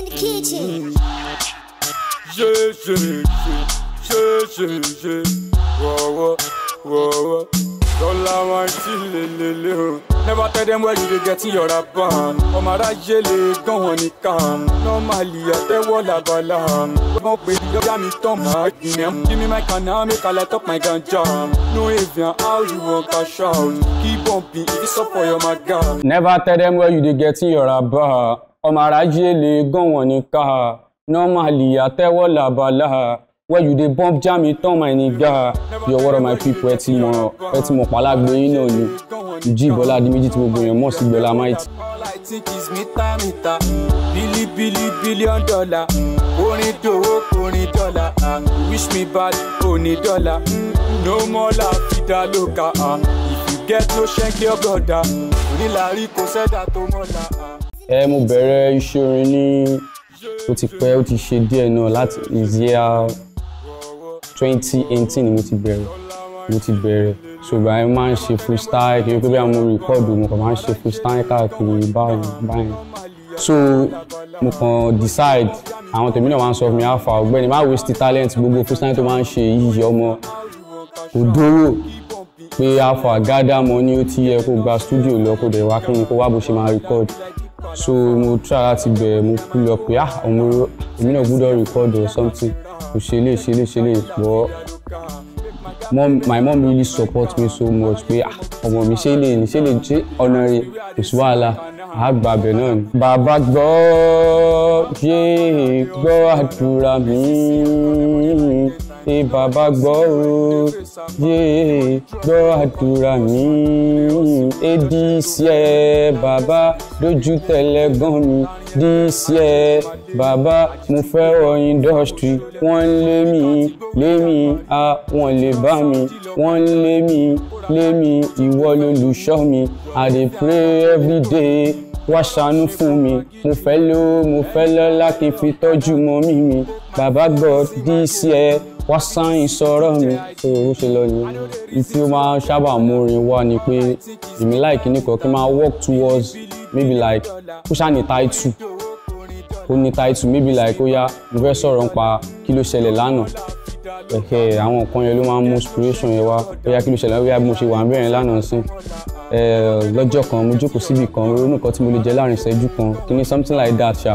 in the kitchen. Yeah, yeah, yeah, yeah, yeah, yeah. Whoa, whoa, whoa, whoa. Dollar one, chillililil. Oh. Never tell them where you dey get your rapan. Ọmọ aráyé lè gán wọn nìkan. Normally àtẹ́wọ́ làbàlà. Wọ́n pè é yọjá mi tán máa gbìyànjú. Give me my canal, make I light up my ganja. No you're out, you won't cash out? Keep bumping, it's up for your maga. Never tell them where you dey get your rapan ọmaraji ele gọnwọni kaha normally atẹwọ labalaha where you dey bump jam in turn my nigga your word of my people ẹ ti mọ ẹ ti mọ palagbe yín náà ni ìjì Bọ́lá Adéméjì tí gbogbo èèyàn mọ̀ sí Gbọ́lá might. all i think is mita mita bilibili billion dollar orin dòwó orin dollar. Ah. wish me bad oní dollar. no more la fi dá if you get no ṣẹ́ńkì ọ̀gọ́dà ah. onílàárí kò sẹ́dà tó mọ́la. Ah ẹ mo bẹ̀rẹ̀ iṣẹ́ orin ní ó ti pẹ́ ó ti ṣe díẹ̀ náà láti year twenty eighteen ni mo ti bẹ̀rẹ̀ mo ti bẹ̀rẹ̀ ṣùgbọ́n ẹ máa ń ṣe freestyle kí n pé bí àwọn rìkọ́ọ̀dù mo kàn máa ń ṣe freestyle káàkiri báyìí báyìí so mo kàn decide àwọn tèmi náà wá ń sọ fún mi àfà ọ̀gbẹ́ni má waste talent gbogbo freestyle tó máa ń ṣe yíyí ọmọ kò dúró pé àfà gather money ó ti yẹ kó gba studio lọ kó dẹ̀ wá kí ni kó wá bó ṣe máa record so mo try láti bẹ̀rẹ̀ mo kú lọ pé ah àwọn èmi náà gbọ́dọ̀ record or something kò ṣe lè ṣe lè ṣe lè wọ́ my mom really support me so much pé ah, ọmọ mi ṣe lè ṣe lè ṣe ọ̀nà rẹ̀ kò sí wàhálà àgbàbẹ̀ náà ni. bàbá gbọ́ yé gbọ́ àdúrà mi ṣe bàbá gbọ́ o yé gbọ́ àdúrà mi ebi ṣe bàbá dojú tẹ̀lẹ̀ gan mi dí ṣe bàbá mo fẹ́ wọ indọ́sítírì wọ́n lé mi lé mi a wọ́n lè bá mi wọ́n lé mi lé mi ìwọ lolùṣọ́ mi i dey pray every day wá ṣàánú fún mi mo fẹ́ lówó mo fẹ́ lọ́lá kí n fi tọ́jú mọ́ mi mi bàbá God dí ṣe wọ́n sán ìsọ̀rọ̀ mi tó o ṣe lọ ni ìtí ó máa sábà múrin wá ni pé èmi láìkí nìkan kí n máa work towards maybe like kó ṣáà ní title kó ní title maybe like ó yá mo fẹ́ sọ̀rọ̀ nípa kí ló ṣẹlẹ̀ lánàá ẹ̀kẹ́ àwọn nǹkan yẹn ló máa ń mú inspiration yẹn wá ó yá kí ló ṣẹlẹ̀ lánàá bí mo ṣe wà ń bẹ̀rẹ̀ lánàá sí lọ́jọ́ kan mo jókòó síbì kan ronú nǹkan tí mo lè jẹ láàrin ìṣẹ́jú kan kí ni something like that ṣá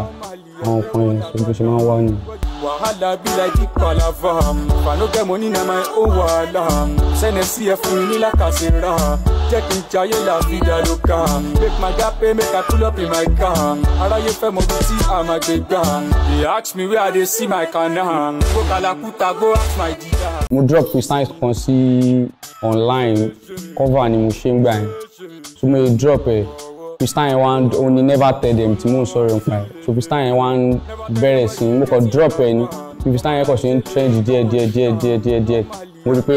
àwọn nǹkan yẹn ṣe bó ṣe máa ń wá nìyẹn wahala be like big palava if i no get money na my own wahala sẹ́nẹ̀sì ẹ̀ fún mi lákàsìrà jẹ́ kí n jayé la vida loca make my guy pay make i pull up in my car aráyé fẹ́ mọ bí tí a máa gbé they ask me where i see my canal go kalakuta go ask my dida. mo drop freestyle kan sí online cover ni mo ṣe ń gbà yẹn so mo drop Eh freestyle stand in one. Only never tell them tí mò ń sọ̀rọ̀ nípa ẹ̀ so freestyle stand in one. bẹ̀rẹ̀ sí mo kàn drop ẹ̀ ni freestyle yẹn kàn ṣe ń trend díẹ̀ díẹ̀ díẹ̀ díẹ̀ díẹ̀ díẹ̀ mo rí pé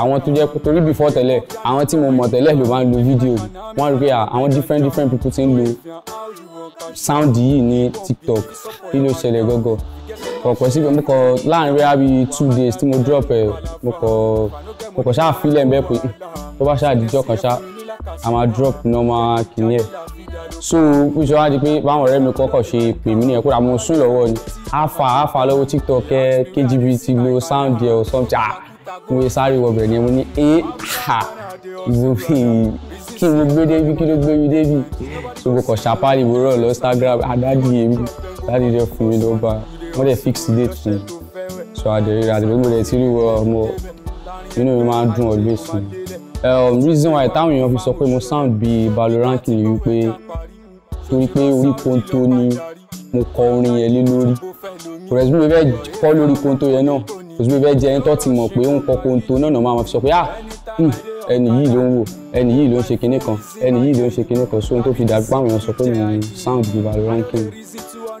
àwọn tó jẹ́ torí before tẹ́lẹ̀ àwọn tí mo mọ̀ tẹ́lẹ̀ ló máa ń lo video. wọ́n rí pé àwọn different different people ti ń lo sound yìí ní tiktok kí ló ṣẹlẹ̀ gọ́gọ́ kọ̀ọ̀kan síbẹ̀ mo kọ láàrin rẹ́ àbí two days tí mo drop ẹ̀ mo kọ mo kọ ṣáà fílẹ̀ ń bẹ́ẹ̀ pé tó bá ṣáà díjọ́ kan ṣáà a máa drop normal kìíní ẹ̀ so bí sọ wá di pé báwọn ọ̀rẹ́ mi kọ́kọ́ ṣe pè mí nìyẹn kódà mo sún lọ́wọ́ ni afa afa lọ́wọ́ tiktok ẹ kgb ti lo sound ẹ or something ah mo ye sáré wọbẹ̀ eh, ni mo ní ee ha ìwòfì kí ló gbé débi kí ló gbé mi débi so mo kàn ṣàpáàlì mo rọ̀ lọ instagram adájú yẹmi láti jẹ fún mi lọ́ba wọ́n dẹ̀ fix date fún mi so àdèrè àdèrè mo dẹ̀ ti rí wọ ọmọ inú mi máa ń dùn ọ̀gbìn sí Eh, oh, reason why táwọn èèyàn fi sọ pé mo sound bíi Baloranky ni wípé torí pé orí kóńtó ni mo kọ orin yẹn lé lórí kò rẹ̀ sí mi bẹ́ẹ̀ kọ́ lórí kóńtó yẹn náà kò sí mi bẹ́ẹ̀ jẹ́ ẹni tó ti mọ̀ pé ó ń kọ kóńtó náà náà máa fi sọ pé ah hmm, ẹni yìí ló ń wò ẹni yìí ló ń ṣe kinní kan ẹni yìí ló ń ṣe kinní kan sóhun tó fi dàbí pàwọn èèyàn sọ pé mo sound bíi Baloranky ni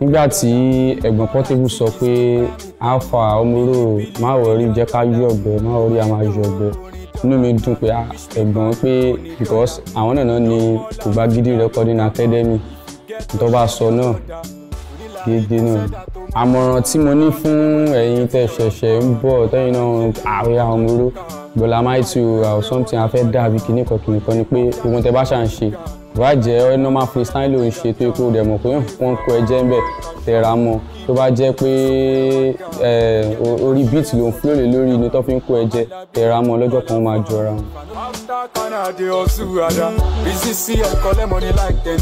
nígbà tí ẹ̀gbọ́n Portable sọ pé alpha ọmọrò má wọrí jẹ́ ká yọ̀gbẹ́ má wọrí a máa yọ̀gbẹ́ inú mi dùn pé ah, ẹ̀gbọ́n pé because àwọn náà ní Kogba-Gidi Recording Academy tó bá sọ náà gidi náà àmọ̀ràn tí mo ní fún ẹ̀yin tẹ́ ṣẹ̀ṣẹ̀ ń bọ̀ tẹ́yìn náà àwẹ̀ àwọn ọmọ oró Bọ́lá Máìtì or something afẹ́ dàbí kìnnìkan kìnnìkan ni pé ohun tẹ́ bá ṣà ń ṣe wá jẹ́ ẹ normal freestyle ló ṣe tó ikú rẹ̀ mọ̀ pé wọ́n kọ ẹ ń bẹ̀ tẹ̀ra mọ́ tó bá jẹ́ pé orí beat ló ń flow lórí ni tó fi ń kó ẹ jẹ tẹ̀ra mọ́ kan máa jọra wọn. After Canada dey hustle ada, business see ẹ collect money like ten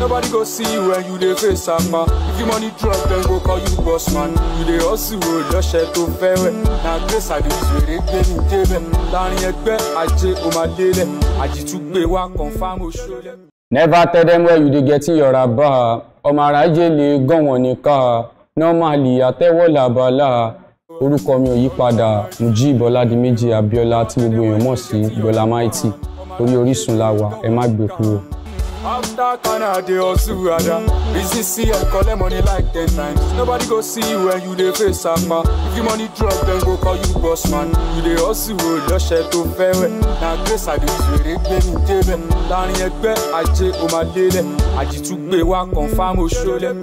Nobody go see you when you dey face sama. If you money drop, then go call you boss man. You dey hustle o lọ́ṣẹ̀ tó fẹ́rẹ̀. Na grace àdéhùn èrè gbé mi débẹ̀. Láàrin ẹgbẹ́ ajé o máa lélẹ̀. Àjìtúgbé wa confam oṣù lẹ̀. Never tell them where you dey get your raba. Ọmọ aráyé lè gàn wọ́n ní ká. Normally àtẹ́wọ́ làbàlà. Orúkọ mi ò yí padà. Mují Bọ́ládìméjì Abíọ́lá tí gbogbo èèyàn mọ̀ sí Bọ́lá Máìtì. Orí Orísun la wà, ẹ má gbé kúrò. After Ghana, they also rather. Business see call them money like ten times. Nobody go see you when you dey face ama. If you money drop, then go call you boss man. You dey hustle o, oh, lọ́ṣẹ̀ to fẹ́rẹ̀. Now grace I àdìsèrè gbé mi I take ẹgbẹ́ ajé o máa délẹ̀. Àjìtúgbé wa confirm, oṣó lẹ̀.